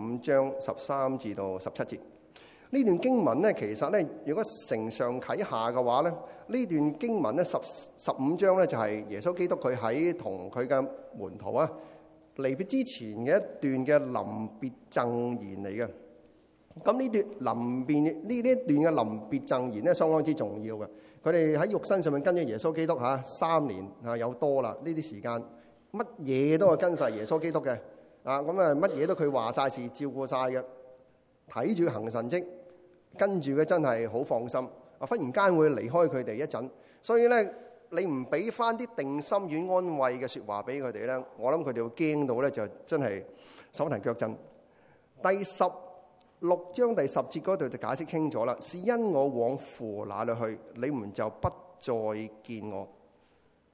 五章十三至到十七節呢段經文咧，其實咧，如果承上啟下嘅話咧，呢段經文咧十十五章咧就係耶穌基督佢喺同佢嘅門徒啊離別之前嘅一段嘅臨別贈言嚟嘅。咁呢段臨別呢呢段嘅臨別贈言咧，相當之重要嘅。佢哋喺肉身上面跟住耶穌基督吓三年啊有多啦，呢啲時間乜嘢都係跟晒耶穌基督嘅。啊咁啊，乜嘢都佢話晒事，照顧晒嘅，睇住行神蹟，跟住佢真係好放心。啊，忽然間會離開佢哋一陣，所以咧你唔俾翻啲定心丸、安慰嘅説話俾佢哋咧，我諗佢哋會驚到咧，就真係手提腳震。第十六章第十節嗰度就解釋清楚啦。是因我往父那裏去，你們就不再見我。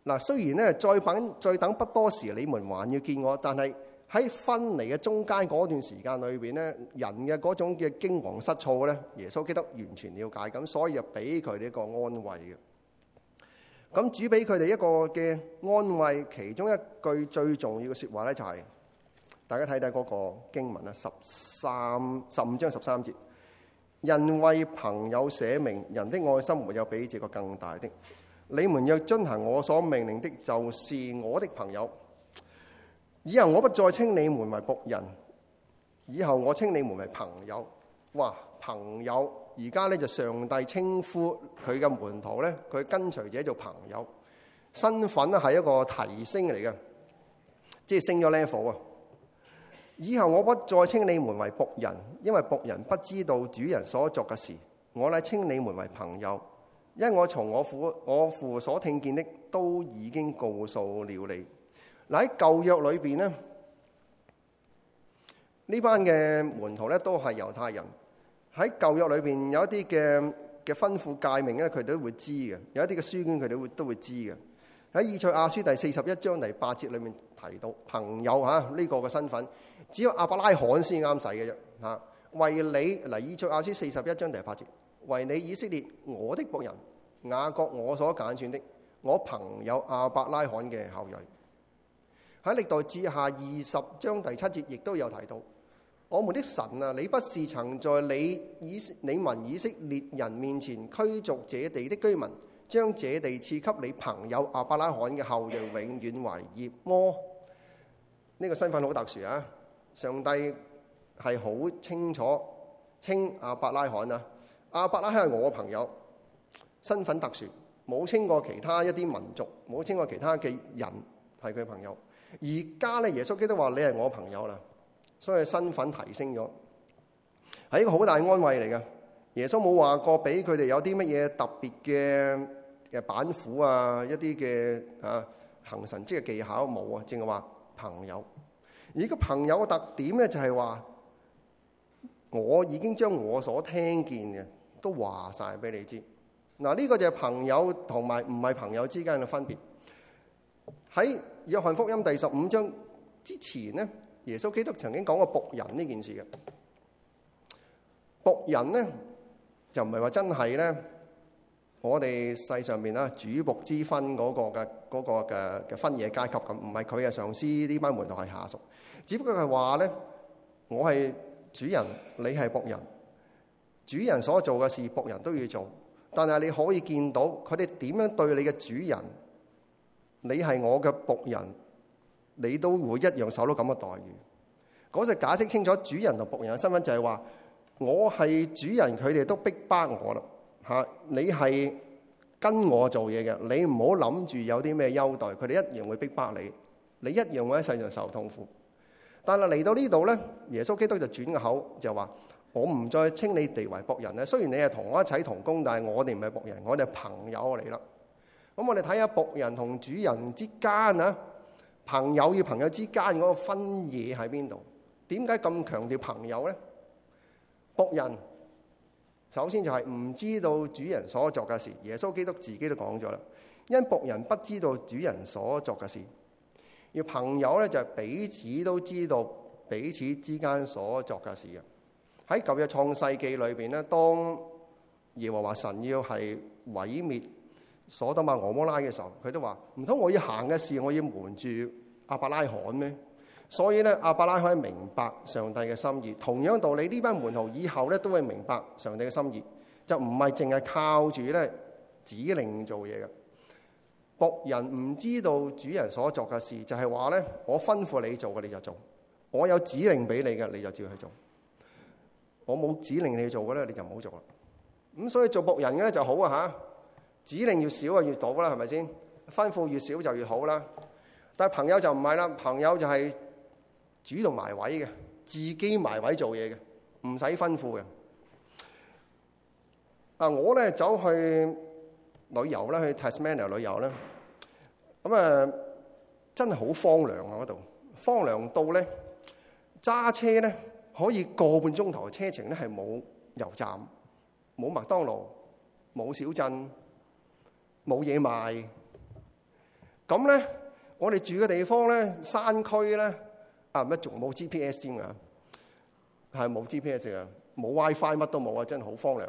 嗱，雖然咧再等再等不多時，你們還要見我，但係。喺分離嘅中間嗰段時間裏邊咧，人嘅嗰種嘅驚惶失措咧，耶穌基督完全了解，咁所以就俾佢哋一個安慰嘅。咁主俾佢哋一個嘅安慰，其中一句最重要嘅説話咧就係、是，大家睇睇嗰個經文啊，十三十五章十三節，人為朋友寫明人的愛心沒有比這個更大的。你們若遵行我所命令的，就是我的朋友。以後我不再稱你們為僕人，以後我稱你們為朋友。哇，朋友！而家咧就上帝稱呼佢嘅門徒咧，佢跟隨者做朋友，身份咧係一個提升嚟嘅，即係升咗 level 啊！以後我不再稱你們為僕人，因為僕人不知道主人所作嘅事，我咧稱你們為朋友，因為我從我父我父所聽見的，都已經告訴了你。嗱，喺舊約裏邊咧，呢班嘅門徒咧都係猶太人，喺舊約裏邊有一啲嘅嘅吩咐誡命，咧，佢哋都會知嘅。有一啲嘅書卷佢哋會都會知嘅。喺以賽亞書第四十一章第八節裏面提到朋友嚇呢個嘅身份，只有亞伯拉罕先啱使嘅啫嚇。為你嚟以賽亞書四十一章第八節，為你以色列我的僕人雅各，我所揀選的，我朋友亞伯拉罕嘅後裔。喺歷代志下二十章第七節，亦都有提到，我們的神啊，你不是曾在你以你民以色列人面前驅逐這地的居民，將這地賜給你朋友亞伯拉罕嘅後裔，永遠為業嗎？呢個身份好特殊啊！上帝係好清楚稱亞伯拉罕啊，亞伯拉罕係我朋友，身份特殊，冇稱過其他一啲民族，冇稱過其他嘅人係佢朋友。而家咧，耶穌基督話你係我朋友啦，所以身份提升咗，係一個好大安慰嚟㗎。耶穌冇話過俾佢哋有啲乜嘢特別嘅嘅板斧啊，一啲嘅啊行神蹟嘅技巧冇啊，淨係話朋友。而個朋友嘅特點咧就係話，我已經將我所聽見嘅都話晒俾你知。嗱，呢個就係朋友同埋唔係朋友之間嘅分別喺。《約翰福音》第十五章之前咧，耶穌基督曾經講過僕人，人呢件事嘅僕人咧，就唔係話真係咧，我哋世上面啦主僕之分嗰個嘅個嘅嘅分野階級咁，唔係佢係上司，呢班門徒係下屬，只不過係話咧，我係主人，你係僕人，主人所做嘅事，僕人都要做，但係你可以見到佢哋點樣對你嘅主人。你係我嘅僕人，你都會一樣受到咁嘅待遇。嗰時解釋清楚主人同僕人嘅身份就係話：我係主人，佢哋都逼迫我啦。嚇，你係跟我做嘢嘅，你唔好諗住有啲咩優待，佢哋一樣會逼迫你，你一樣會喺世上受痛苦。但係嚟到呢度咧，耶穌基督就轉個口就話：我唔再稱你哋為僕人啦。雖然你係同我一齊同工，但係我哋唔係僕人，我哋係朋友嚟啦。咁我哋睇下僕人同主人之間啊，朋友與朋友之間嗰個分野喺邊度？點解咁強調朋友呢？僕人首先就係唔知道主人所作嘅事，耶穌基督自己都講咗啦，因僕人不知道主人所作嘅事。而朋友呢，就係彼此都知道彼此之間所作嘅事嘅。喺舊約創世紀裏邊呢，當耶和華神要係毀滅。所多瑪俄摩拉嘅時候，佢都話：唔通我要行嘅事，我要瞞住阿伯拉罕咩？所以咧，阿伯拉罕明白上帝嘅心意。同樣道理，呢班門徒以後咧都會明白上帝嘅心意，就唔係淨係靠住咧指令做嘢嘅。僕人唔知道主人所做嘅事，就係話咧：我吩咐你做嘅你就做，我有指令俾你嘅你就照去做。我冇指令你做嘅咧，你就唔好做啦。咁所以做僕人嘅咧就好啊嚇。指令越少啊，越到啦，係咪先吩咐越少就越好啦？但係朋友就唔係啦，朋友就係主動埋位嘅，自己埋位做嘢嘅，唔使吩咐嘅。嗱，我咧走去旅遊啦，去 Tasmania 旅遊啦。咁啊，真係好荒涼啊！嗰度荒涼到咧，揸車咧可以個半鐘頭車程咧，係冇油站、冇麥當勞、冇小鎮。冇嘢賣，咁咧我哋住嘅地方咧山區咧，啊乜仲冇 GPS 先啊？係冇 GPS 嘅，冇 WiFi 乜都冇啊，真係好荒涼。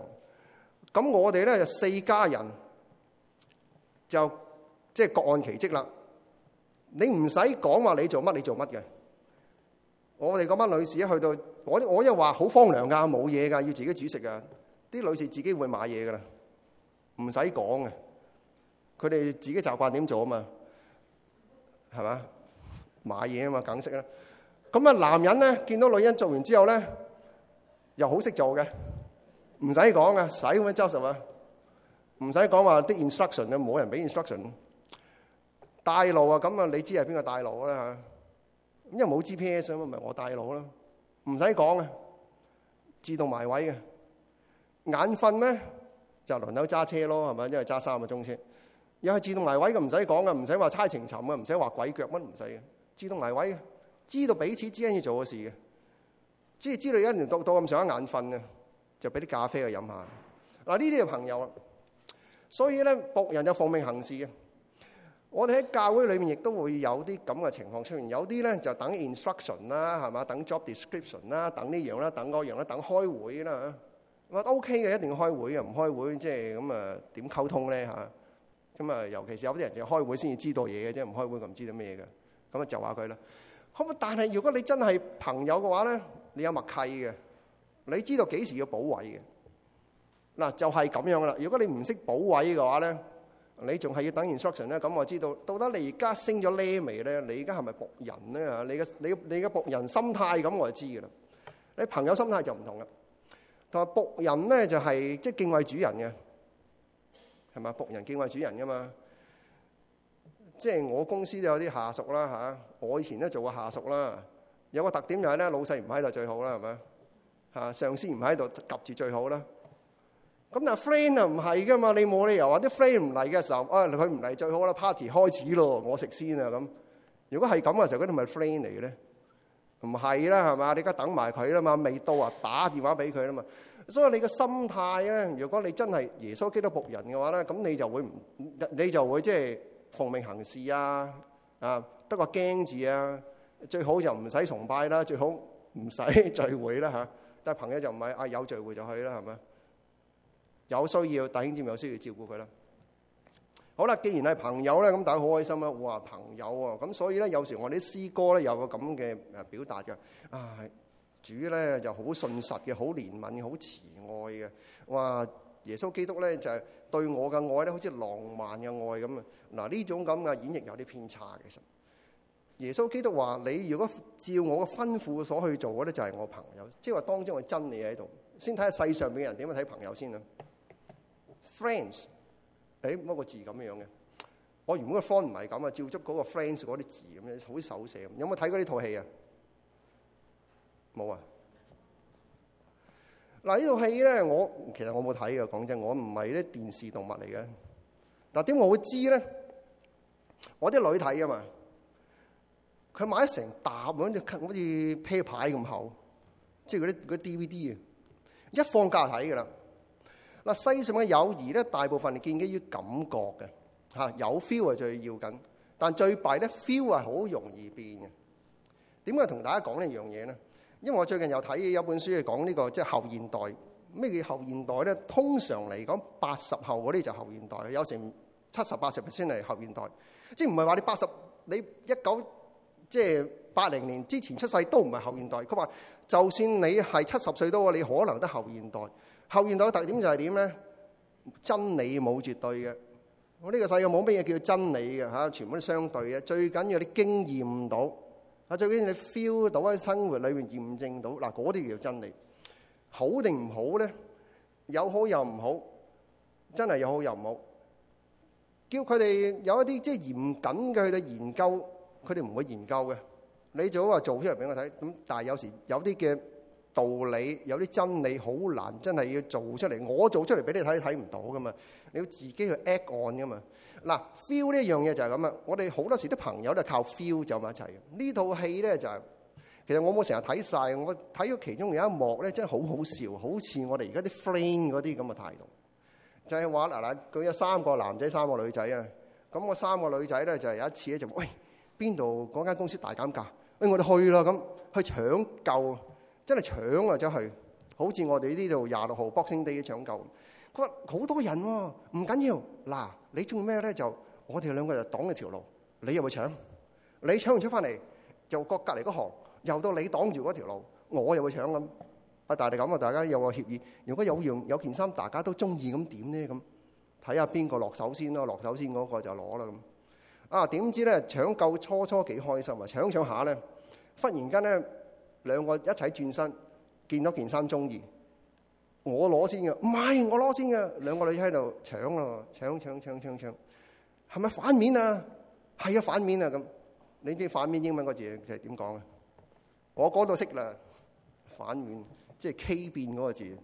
咁我哋咧就四家人就即係各按其職啦。你唔使講話你做乜你做乜嘅。我哋嗰班女士去到我，我一話好荒涼㗎，冇嘢㗎，要自己煮食㗎。啲女士自己會買嘢㗎啦，唔使講嘅。佢哋自己習慣點做啊嘛，係嘛，買嘢啊嘛，梗識啦。咁啊，男人咧見到女人做完之後咧，又好識做嘅，唔使講嘅，使咁樣真實啊，唔使講話啲 instruction 啊，冇人俾 instruction。帶路啊，咁啊，你知係邊個帶路啦、啊、嚇？因為冇 GPS 咁、啊，咪我帶路咯、啊，唔使講嘅，自動埋位嘅，眼瞓咩？就輪流揸車咯，係咪？因為揸三個鐘車。又係自動埋位嘅，唔使講嘅，唔使話猜情尋嘅，唔使話鬼腳乜唔使嘅，自動埋位嘅，知道彼此之間要做嘅事嘅。即知知道一年到到咁上一眼瞓咧，就俾啲咖啡去飲下。嗱呢啲係朋友啦，所以咧僕人有奉命行事嘅。我哋喺教會裏面亦都會有啲咁嘅情況出現，有啲咧就等 instruction 啦，係嘛？等 job description 啦，等呢樣啦，等嗰樣啦，等開會啦嚇。話 OK 嘅，一定要開會嘅，唔開會即係咁啊點溝通咧嚇？咁啊，尤其是有啲人就開會先至知道嘢嘅啫，唔開會就唔知道咩嘢嘅。咁啊就話佢啦。咁啊，但係如果你真係朋友嘅話咧，你有默契嘅，你知道幾時要保位嘅。嗱，就係咁樣嘅啦。如果你唔識保位嘅話咧，你仲係要等完 instruction 咧。咁我知道，到底你而家升咗咩味咧？你而家係咪僕人咧？你嘅你你嘅僕人心態，咁我就知嘅啦。你朋友心態就唔同啦。同埋僕人咧就係即係敬畏主人嘅。係咪僕人敬畏主人㗎嘛？即係我公司都有啲下屬啦嚇、啊，我以前都做過下屬啦。有個特點就係咧，老細唔喺度最好啦，係咪啊？上司唔喺度及住最好啦。咁但係 friend 啊唔係㗎嘛，你冇理由話啲 friend 唔嚟嘅時候，啊佢唔嚟最好啦，party 開始咯，我食先啊咁。如果係咁嘅時候，佢哋咪 friend 嚟嘅咧？唔係啦，係嘛？你而家等埋佢啦嘛，未到啊，打電話俾佢啦嘛。所以你嘅心態咧，如果你真係耶穌基督僕人嘅話咧，咁你就會唔，你就會即係奉命行事啊！啊，得個驚字啊，最好就唔使崇拜啦，最好唔使聚會啦嚇。但係朋友就唔係啊，有聚會就去啦，係咪？有需要，弟兄姊妹有需要照顧佢啦。好啦，既然係朋友咧，咁大家好開心啦。哇，朋友啊，咁所以咧，有時我啲詩歌咧有個咁嘅誒表達嘅啊。主咧就好信實嘅，好憐憫、好慈愛嘅。哇！耶穌基督咧就係對我嘅愛咧，好似浪漫嘅愛咁啊！嗱，呢種咁嘅演繹有啲偏差嘅。其實耶穌基督話：你如果照我嘅吩咐所去做嘅咧，就係我朋友。即係話當中嘅真理喺度。先睇下世上邊人點樣睇朋友先啦。Friends，誒，嗰個字咁樣嘅。我原本個方唔係咁啊，照足嗰個 friends 嗰啲字咁樣，好似手寫咁。有冇睇過呢套戲啊？冇啊！嗱，呢套戲咧，我其實我冇睇嘅。講真，我唔係啲電視動物嚟嘅。但點我會知咧？我啲女睇啊嘛，佢買咗成沓，好似好似啤牌咁厚，即係嗰啲 DVD 啊。一放假睇嘅啦。嗱，世上嘅友誼咧，大部分係建基於感覺嘅嚇，有 feel 係最要緊，但最弊咧 feel 係好容易變嘅。點解同大家講呢樣嘢咧？因為我最近又睇有本書係講呢個即係、就是、後現代。咩叫後現代咧？通常嚟講，八十後嗰啲就後現代。有時七十八十先係後現代。即係唔係話你八十，你一九即係八零年之前出世都唔係後現代。佢話就算你係七十歲都喎，你可能得後現代。後現代嘅特點就係點咧？真理冇絕對嘅。我呢個世界冇咩嘢叫真理嘅嚇，全部都相對嘅。最緊要你經驗到。啊！最緊要你 feel 到喺生活裏面驗證到嗱，嗰啲叫真理，好定唔好咧？有好又唔好，真係有好又唔好。叫佢哋有一啲即係嚴謹嘅去到研究，佢哋唔會研究嘅。你最好話做出嚟俾我睇。咁但係有時有啲嘅。道理有啲真理好難，真係要做出嚟。我做出嚟俾你睇睇唔到噶嘛，你要自己去 act on 噶嘛。嗱，feel 呢一樣嘢就係咁啊。我哋好多時啲朋友都係靠 feel 走埋一齊嘅呢套戲咧，就係、是、其實我冇成日睇晒。我睇咗其中有一幕咧，真係好好笑，好似我哋而家啲 friend 嗰啲咁嘅態度就係話嗱嗱，佢有三個男仔三個女仔啊。咁我三個女仔咧就係有一次咧就喂邊度嗰間公司大減價，喂，我哋去啦咁去搶救。真係搶啊！真係，好似我哋呢度廿六號 Boxing Day 嘅搶救，佢話好多人喎、啊，唔緊要。嗱、啊，你做咩咧？就我哋兩個就擋一條路，你又會搶，你搶唔出翻嚟，就各隔離嗰行，又到你擋住嗰條路，我又會搶咁。啊，但係咁啊，大家有個協議，如果有樣有件衫大家都中意咁點咧咁？睇下邊個落手先咯，落手先嗰個就攞啦咁。啊，點知咧搶救初初幾開心啊，搶一搶一下咧，忽然間咧～兩個一齊轉身，見到件衫鍾意，我攞先嘅，唔係我攞先嘅。兩個女喺度搶咯、啊，搶搶搶搶搶，係咪反面啊？係啊，反面啊咁。你知，知反面英文個字就係點講啊？我嗰度識啦，反面即係、就是、K 變嗰個字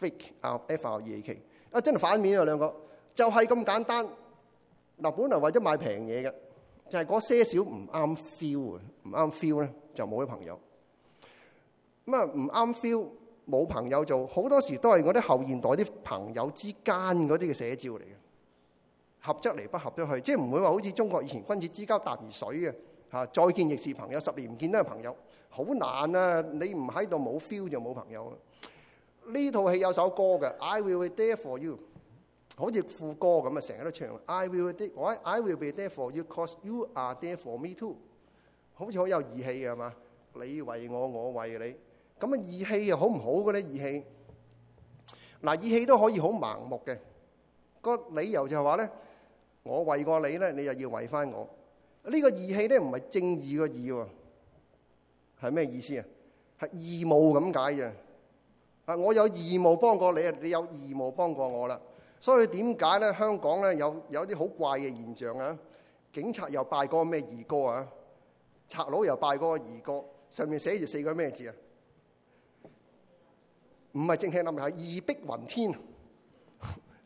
，fake 啊，F-R-E-A-K 啊，-E、真係反面啊兩個，就係、是、咁簡單。嗱，本來為咗買平嘢嘅，就係、是、嗰些少唔啱 feel 啊，唔啱 feel 咧就冇咗朋友。咁啊唔啱 feel 冇朋友做，好多時都係我啲後現代啲朋友之間嗰啲嘅寫照嚟嘅，合則嚟不合則去，即係唔會話好似中國以前君子之交淡如水嘅嚇，再見亦是朋友，十年唔見都係朋友，好難啊！你唔喺度冇 feel 就冇朋友。呢套戲有首歌嘅，I will be there for you，好似副歌咁啊，成日都唱 I will be there，I will be there for you，cause you are there for me too，好似好有義氣嘅係嘛？你為我，我為你。咁啊！義氣又好唔好嘅咧？義氣嗱，義氣都可以好盲目嘅。個理由就係話咧，我為過你咧，你又要為翻我。呢個義氣咧唔係正義嘅義喎，係咩意思啊？係義務咁解嘅啊！我有義務幫過你啊，你有義務幫過我啦。所以點解咧？香港咧有有啲好怪嘅現象啊！警察又拜嗰個咩義哥？啊？賊佬又拜嗰個義哥，上面寫住四個咩字啊？唔係正氣，諗係義逼雲天，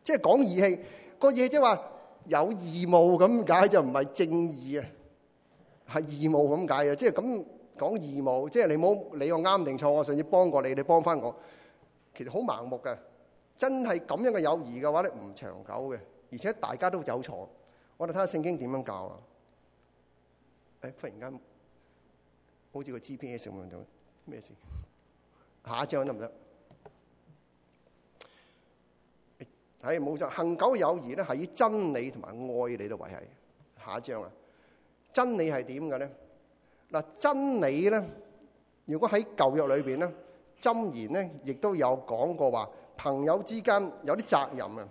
即係講義氣。個嘢即係話有義務咁解，就唔係正義啊，係義務咁解嘅。即係咁講義務，即係你冇理我啱定錯，我上次幫過你，你幫翻我。其實好盲目嘅，真係咁樣嘅友誼嘅話咧，唔長久嘅，而且大家都走錯。我哋睇下聖經點樣教啊？誒、哎，忽然間好似個 GPS 咁樣，咩事？下一張得唔得？係冇錯，恆久友誼咧係以真理同埋愛嚟度維係。下一章啊，真理係點嘅咧？嗱，真理咧，如果喺舊約裏邊咧，箴言咧亦都有講過話，朋友之間有啲責任啊。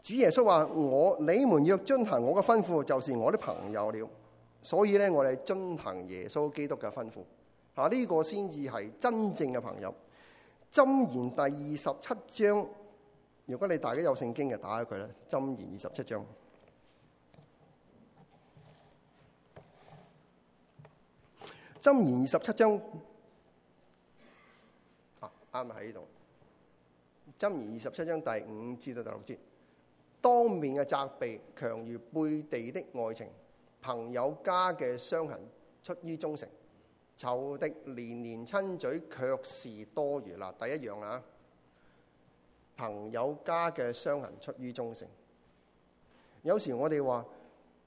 主耶穌話：我你們若遵行我嘅吩咐，就是我的朋友了。所以咧，我哋遵行耶穌基督嘅吩咐，嚇，呢個先至係真正嘅朋友。箴言第二十七章。如果你大家有聖經嘅，打開佢啦，《箴言》二十七章，針章《箴言》二十七章啊，啱喺呢度，《箴言》二十七章第五至到第六節，當面嘅責備強如背地的愛情，朋友家嘅傷痕出於忠誠，仇敵年年親嘴卻是多餘，啦，第一樣啦。朋友加嘅傷痕出於忠誠，有時我哋話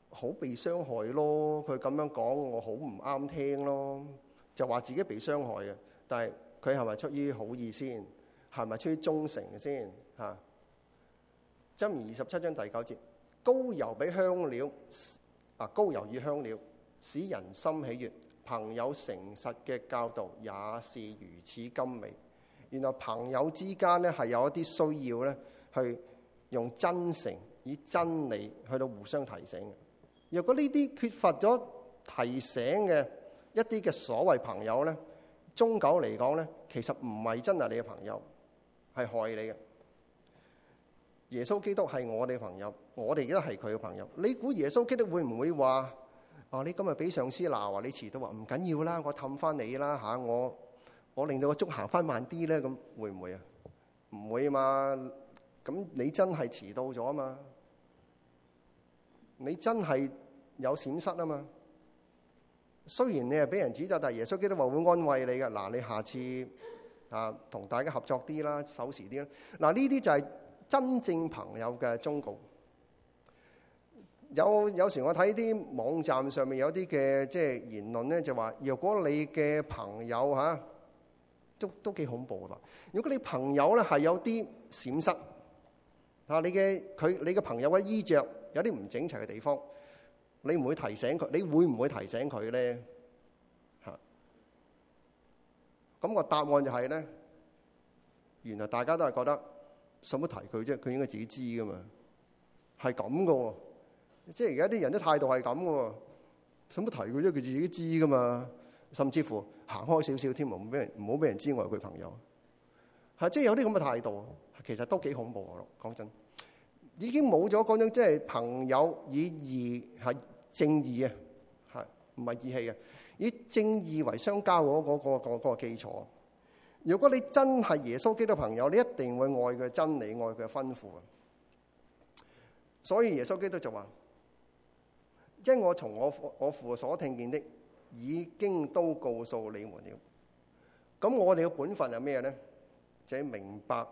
好被傷害咯，佢咁樣講我好唔啱聽咯，就話自己被傷害嘅，但係佢係咪出於好意先？係咪出於忠誠先？嚇、啊？箴言二十七章第九節：膏油比香料啊，膏油與香料使人心喜悅，朋友誠實嘅教導也是如此甘美。原來朋友之間咧係有一啲需要咧，去用真誠以真理去到互相提醒嘅。若果呢啲缺乏咗提醒嘅一啲嘅所謂朋友咧，終久嚟講咧，其實唔係真係你嘅朋友，係害你嘅。耶穌基督係我哋嘅朋友，我哋都係佢嘅朋友。你估耶穌基督會唔會話啊、哦？你今日俾上司鬧，話你遲到，話唔緊要啦，我氹翻你啦嚇我，我令到個鐘行翻慢啲咧，咁會唔會啊？唔會嘛。咁你真係遲到咗嘛？你真係有閃失啊嘛？雖然你係俾人指責，但耶穌基督話會安慰你㗎。嗱，你下次啊同大家合作啲啦，守時啲啦。嗱，呢啲就係真正朋友嘅忠告。有有時我睇啲網站上面有啲嘅即係言論咧，就話：如果你嘅朋友都都幾恐怖嘅噃！如果你朋友咧係有啲閃失，嚇你嘅佢你嘅朋友嘅衣着有啲唔整齊嘅地方，你唔會提醒佢，你會唔會提醒佢咧？嚇、嗯！咁、個答案就係、係、咧，原來大家都係覺得使乜提佢啫？佢應該自己知噶嘛，係咁嘅喎。即係而家啲人嘅態度係咁喎，使乜提佢啫？佢自己知噶嘛，甚至乎。行開少少添，唔俾人，唔好俾人知我係佢朋友，係即係有啲咁嘅態度，其實都幾恐怖咯。講真，已經冇咗嗰種即係朋友以義係正義嘅，係唔係義氣嘅，以正義為相交嗰個、嗰個、嗰個基礎。如果你真係耶穌基督朋友，你一定會愛佢真理，愛佢吩咐啊。所以耶穌基督就話，因我從我父我父所聽見的。已經都告訴你們了。咁我哋嘅本分係咩呢？就係、是、明白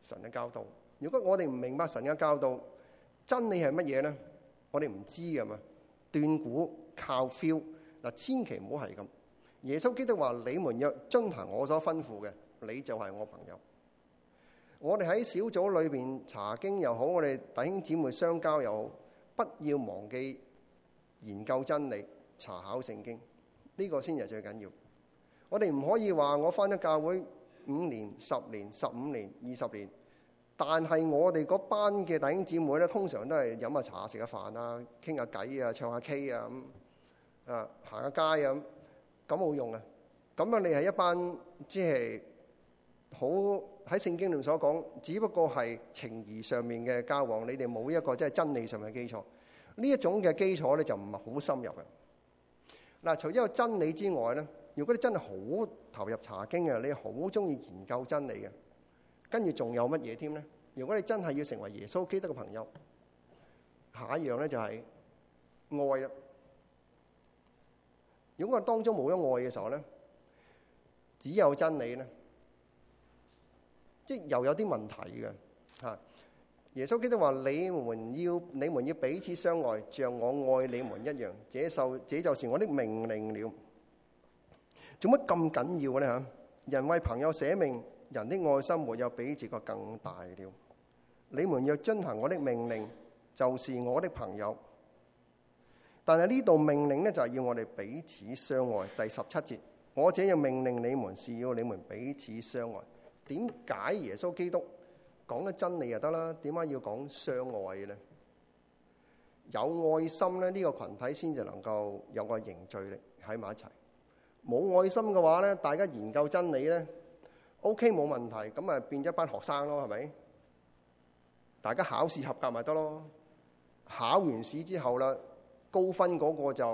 神嘅教導。如果我哋唔明白神嘅教導，真理係乜嘢呢？我哋唔知㗎嘛。斷估靠 feel 嗱，千祈唔好係咁。耶穌基督話：你們若遵行我所吩咐嘅，你就係我朋友。我哋喺小組裏面查經又好，我哋弟兄姊妹相交又好，不要忘記研究真理、查考聖經。呢個先係最緊要。我哋唔可以話我返咗教會五年、十年、十五年、二十年，但係我哋嗰班嘅弟兄姊妹咧，通常都係飲下茶、食下飯啊，傾下偈啊，唱下 K 啊咁，啊行下街咁，咁冇用啊！咁樣你係一班即係好喺聖經裏面所講，只不過係情誼上面嘅交往，你哋冇一個即係真理上面嘅基礎。呢一種嘅基礎咧就唔係好深入嘅。嗱，除咗有真理之外咧，如果你真係好投入查經嘅，你好中意研究真理嘅，跟住仲有乜嘢添咧？如果你真係要成為耶穌基督嘅朋友，下一樣咧就係愛啦。如果我哋當中冇咗愛嘅時候咧，只有真理咧，即係又有啲問題嘅嚇。耶穌基督話：你們要你們要彼此相愛，像我愛你們一樣。接這就是我的命令了。做乜咁緊要嘅呢？吓，人為朋友捨命，人的愛心沒有比這個更大了。你們若遵行我的命令，就是我的朋友。但係呢度命令呢，就係要我哋彼此相愛。第十七節，我這要命令你們是要你們彼此相愛。點解耶穌基督？講得真理就得啦，點解要講相愛咧？有愛心咧，呢個群體先至能夠有個凝聚力喺埋一齊。冇愛心嘅話咧，大家研究真理咧，OK 冇問題，咁啊變咗一班學生咯，係咪？大家考試合格咪得咯？考完試之後啦，高分嗰個就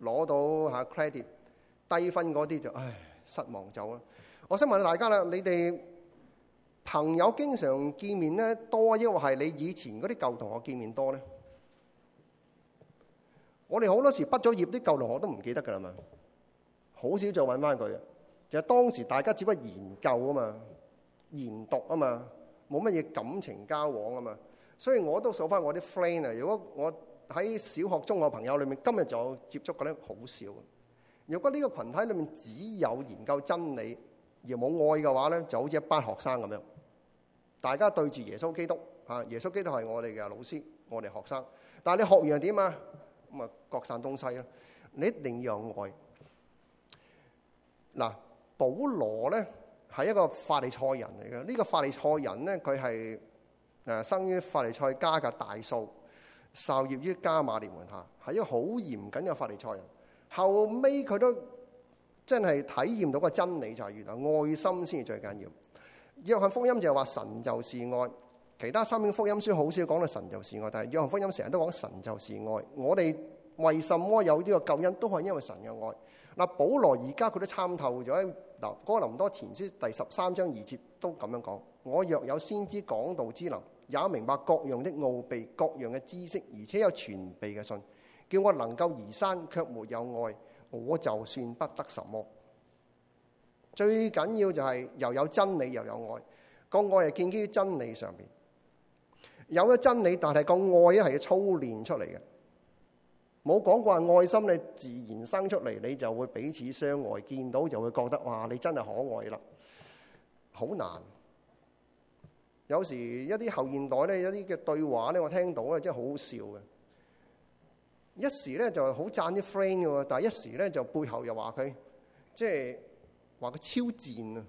攞到下 credit，低分嗰啲就唉失望走啦。我想問大家啦，你哋朋友經常見面咧多，抑或係你以前啲舊同學見面多咧？我哋好多時畢咗業啲舊同學都唔記得㗎啦嘛，好少再揾翻佢。就係當時大家只不過研究啊嘛，研讀啊嘛，冇乜嘢感情交往啊嘛，所以我都數翻我啲 friend 啊。如果我喺小學中學朋友裏面，今日就接觸嗰啲好少。如果呢個群體裏面只有研究真理而冇愛嘅話咧，就好似一班學生咁樣。大家對住耶穌基督，嚇耶穌基督係我哋嘅老師，我哋學生。但係你學完點啊？咁啊，各散東西啦。你一定要愛。嗱，保羅咧係一個法利賽人嚟嘅。呢個法利賽人咧，佢係誒生於法利賽家嘅大數，受業於加馬列門下，係一個好嚴謹嘅法利賽人。後尾，佢都真係體驗到個真理就係原來愛心先係最緊要。約翰福音就係話神就是愛，其他三卷福音書好少講到神就是愛，但係約翰福音成日都講神就是愛。我哋為什麼有呢個救恩，都係因為神嘅愛。嗱，保羅而家佢都參透咗，嗱，哥林多前書第十三章二節都咁樣講：我若有先知講道之能，也明白各樣的奧秘、各樣嘅知識，而且有全備嘅信，叫我能夠移山，卻沒有愛，我就算不得什麼。最緊要就係又有真理又有愛，個愛係建基於真理上邊。有咗真理，但係個愛咧係要操練出嚟嘅。冇講過話愛心你自然生出嚟，你就會彼此相愛，見到就會覺得哇，你真係可愛啦。好難。有時一啲後現代咧，一啲嘅對話咧，我聽到咧真係好好笑嘅。一時咧就係好讚啲 friend 嘅喎，但係一時咧就背後又話佢即係。話佢超賤啊！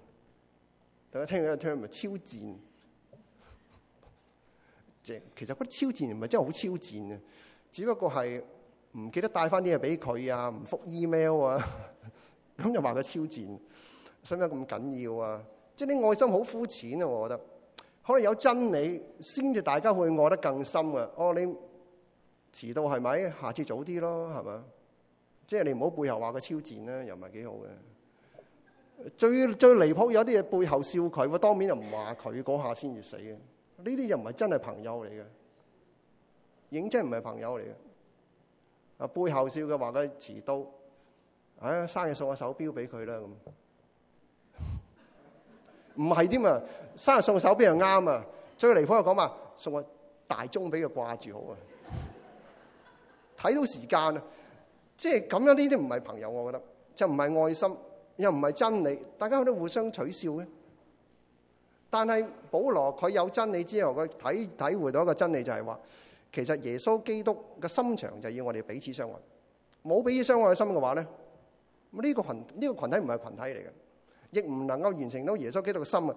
大家聽嚟，聽咪超賤？即其實嗰啲超賤唔係真係好超賤啊！只不過係唔記得帶翻啲嘢俾佢啊，唔覆 email 啊，咁 就話佢超賤，使唔使咁緊要啊？即係你愛心好膚淺啊！我覺得可能有真理先至大家會愛得更深啊！哦，你遲到係咪？下次早啲咯，係嘛？即係你唔好背後話佢超賤啦，又唔係幾好嘅。最最離譜有啲嘢背後笑佢，當面又唔話佢，嗰下先至死嘅。呢啲又唔係真係朋友嚟嘅，影真唔係朋友嚟嘅。啊，背後笑嘅話佢遲到，啊生日送個手錶俾佢啦咁。唔係添啊，生日送個手錶又啱啊。最離譜又講話送個大鐘俾佢掛住好啊。睇 到時間啊，即係咁樣呢啲唔係朋友，我覺得就唔係愛心。又唔係真理，大家好多互相取笑嘅。但係保羅佢有真理之後，佢體體會到一個真理就係話，其實耶穌基督嘅心腸就要我哋彼此相愛。冇彼此相愛嘅心嘅話咧，呢個群呢個群體唔係群體嚟嘅，亦唔能夠完成到耶穌基督嘅心啊！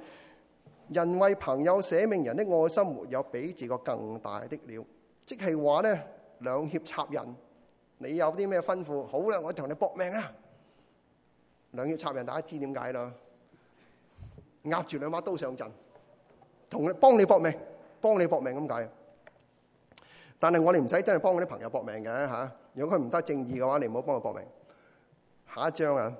人為朋友捨命，人的愛心沒有比這個更大的了。即係話咧，兩脅插人，你有啲咩吩咐？好啦，我同你搏命啊！兩肋插刀，大家知點解啦。壓住兩把刀上陣，同幫你搏命，幫你搏命咁解。但係我哋唔使真係幫我啲朋友搏命嘅嚇。如果佢唔得正義嘅話，你唔好幫佢搏命。下一章啊，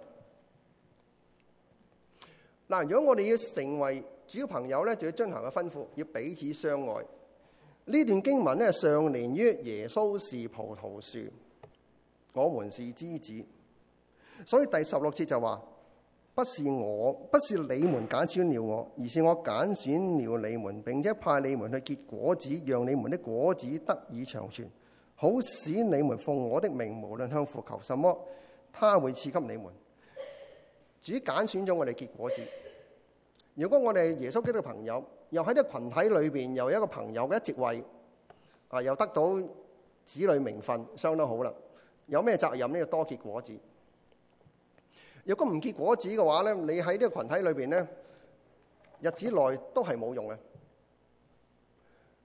嗱，如果我哋要成為主要朋友咧，就要遵行嘅吩咐，要彼此相愛。呢段經文咧，上連於耶穌是葡萄樹，我們是枝子。所以第十六節就話，不是我不是你們揀選了我，而是我揀選了你們，並且派你們去結果子，讓你們的果子得以長存，好使你們奉我的名，無論向父求什麼，他會賜給你們。主揀選咗我哋結果子。如果我哋耶穌基督嘅朋友，又喺啲群體裏邊又有一個朋友嘅一席位，一直為啊又得到子女名分，相當好啦。有咩責任呢？要多結果子。如果唔結果子嘅話咧，你喺呢個群體裏邊咧，日子內都係冇用嘅。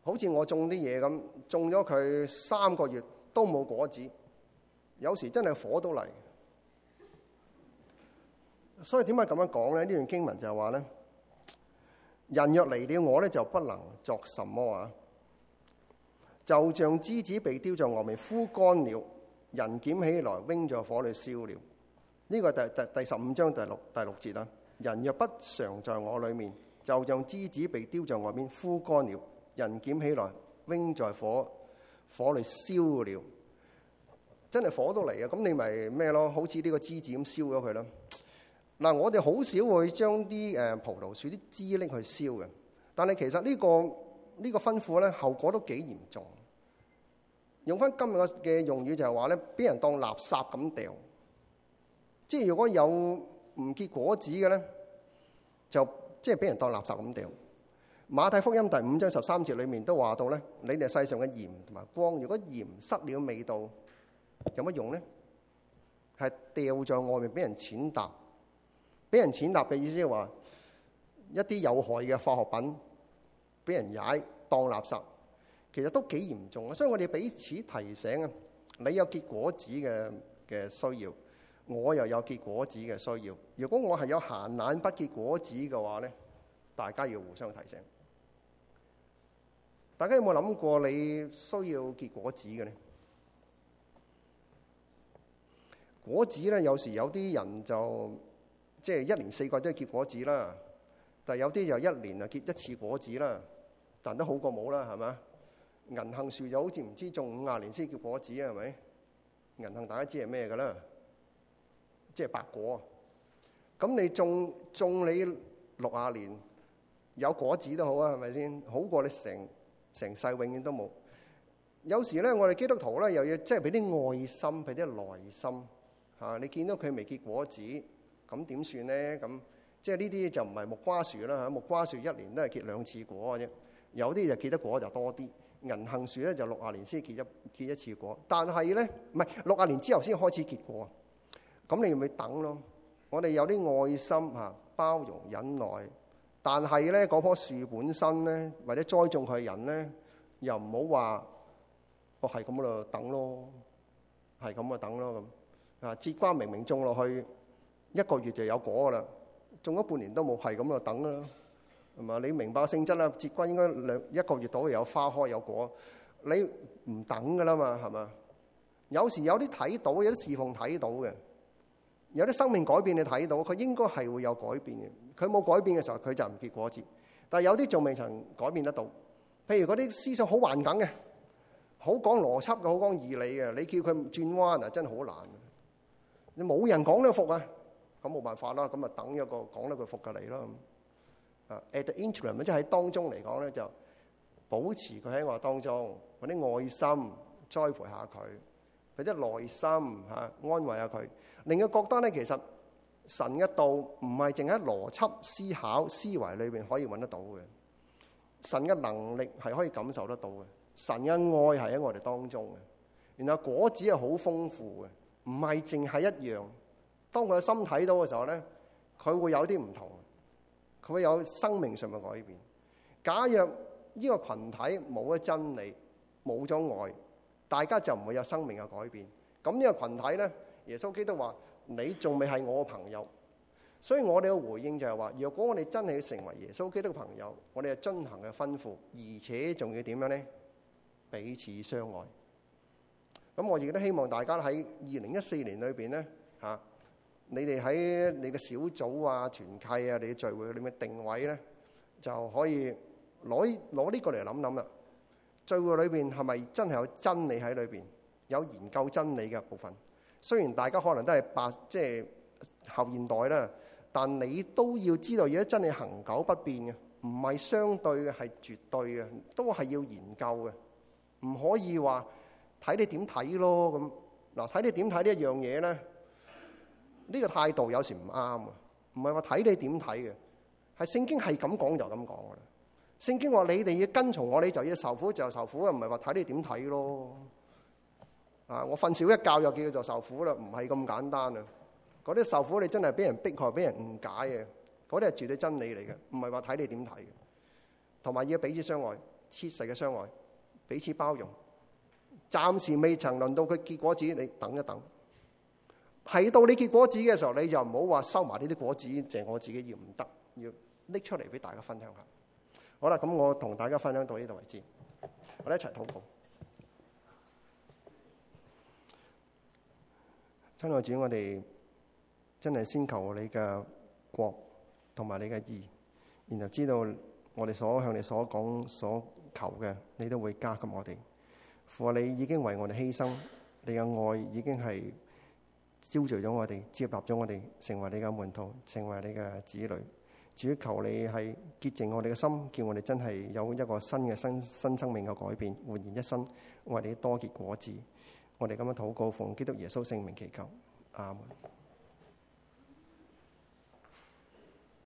好似我種啲嘢咁，種咗佢三個月都冇果子，有時真係火都嚟。所以點解咁樣講咧？呢段經文就係話咧，人若離了我咧，就不能作什麼啊。就像枝子被丟在外面枯乾了，人撿起來扔在火裏燒了。呢個第第第十五章第六第六節啦。人若不常在我裏面，就像枝子被丟在外面，枯乾了，人撿起來扔在火火裏燒了，真係火都嚟啊！咁你咪咩咯？好似呢個枝子咁燒咗佢啦。嗱，我哋好少會將啲誒葡萄樹啲枝拎去燒嘅，但係其實呢個呢個吩咐咧，後果都幾嚴重的。用翻今日嘅用語就係話咧，俾人當垃圾咁掉。即係如果有唔結果子嘅咧，就即係俾人當垃圾咁掉。馬太福音第五章十三節裏面都話到咧，你哋世上嘅鹽同埋光，如果鹽失了味道，有，有乜用咧？係掉在外面俾人踐踏。俾人踐踏嘅意思係話一啲有害嘅化學品俾人踩，當垃圾，其實都幾嚴重啊！所以我哋彼此提醒啊，你有結果子嘅嘅需要。我又有結果子嘅需要。如果我係有閒懶不結果子嘅話咧，大家要互相提醒。大家有冇諗過你需要結果子嘅咧？果子咧，有時候有啲人就即係、就是、一年四季都結果子啦，但係有啲就一年啊結一次果子啦，但都好過冇啦，係咪？銀杏樹就好似唔知種五廿年先結果子啊，係咪？銀杏大家知係咩嘅啦？即係白果，咁你種種你六十年有果子都好啊，係咪先？好過你成成世永遠都冇。有時咧，我哋基督徒咧又要即係俾啲愛心，俾啲耐心嚇。你見到佢未結果子，咁點算咧？咁即係呢啲就唔係木瓜樹啦嚇。木瓜樹一年都係結兩次果嘅啫，有啲就結得果就多啲。銀杏樹咧就六十年先結一結一次果，但係咧唔係六十年之後先開始結果。.咁你咪等咯。我哋有啲愛心嚇，包容忍耐。但係咧嗰樖樹本身咧，或者栽種佢嘅人咧，又唔好話我係咁喺度等咯，係咁啊等咯咁啊。節瓜明明種落去一個月就有果噶啦，種咗半年都冇，係咁喺度等啦，係嘛？你明白性質啦，節瓜應該兩一個月到又有花開有果，你唔等噶啦嘛，係嘛？有時有啲睇到，有啲侍奉睇到嘅。有啲生命改變你睇到，佢應該係會有改變嘅。佢冇改變嘅時候，佢就唔結果子。但係有啲仲未曾改變得到，譬如嗰啲思想好頑梗嘅，好講邏輯嘅，好講義理嘅，你叫佢轉彎啊，真係好難。你冇人講呢個復啊，咁冇辦法啦，咁啊等一個講得佢服嘅你咯。啊，at the interim 即係喺當中嚟講咧，就保持佢喺我當中，揾啲愛心栽培下佢。一啲耐心吓、啊，安慰一下佢。令佢覺得咧，其實神嘅道唔係淨喺邏輯、思考、思維裏邊可以揾得到嘅。神嘅能力係可以感受得到嘅。神嘅愛係喺我哋當中嘅。然後果子係好豐富嘅，唔係淨係一樣。當佢嘅心睇到嘅時候咧，佢會有啲唔同，佢會有生命上嘅改變。假若呢個群體冇咗真理，冇咗愛。大家就唔會有生命嘅改變。咁呢個羣體咧，耶穌基督話：你仲未係我嘅朋友。所以我哋嘅回應就係話：如果我哋真係要成為耶穌基督嘅朋友，我哋要遵行佢嘅吩咐，而且仲要點樣咧？彼此相愛。咁我亦都希望大家喺二零一四年裏邊咧嚇，你哋喺你嘅小組啊、團契啊、你嘅聚會裏面嘅定位咧，就可以攞攞呢個嚟諗諗啦。聚會裏邊係咪真係有真理喺裏邊？有研究真理嘅部分，雖然大家可能都係白即係後現代啦，但你都要知道，如果真理恒久不變嘅，唔係相對嘅，係絕對嘅，都係要研究嘅，唔可以話睇你點睇咯咁。嗱，睇你點睇呢一樣嘢咧？呢個態度有時唔啱啊！唔係話睇你點睇嘅，係聖經係咁講就咁講噶啦。聖經話：你哋要跟從我，你就要受苦，苦，就受苦嘅，唔係話睇你點睇咯。啊，我瞓少一覺又叫佢就受苦啦，唔係咁簡單啊！嗰啲受苦你真係俾人逼害，俾人誤解嘅，嗰啲係絕對真理嚟嘅，唔係話睇你點睇。同埋要彼此相愛，切實嘅相愛，彼此包容。暫時未曾輪到佢結果子，你等一等。係到你結果子嘅時候，你就唔好話收埋呢啲果子，淨係、就是、我自己要唔得，要拎出嚟俾大家分享下。好啦，咁我同大家分享到呢度為止，我哋一齊禱告。親愛的主，我哋真係先求你嘅國同埋你嘅義，然後知道我哋所向你所講所求嘅，你都會加給我哋。父你已經為我哋犧牲，你嘅愛已經係招聚咗我哋，接納咗我哋，成為你嘅門徒，成為你嘅子女。主求你係潔淨我哋嘅心，叫我哋真係有一個新嘅新新生命嘅改變，煥然一新，我哋多結果子。我哋咁樣禱告，奉基督耶穌聖名祈求，阿門。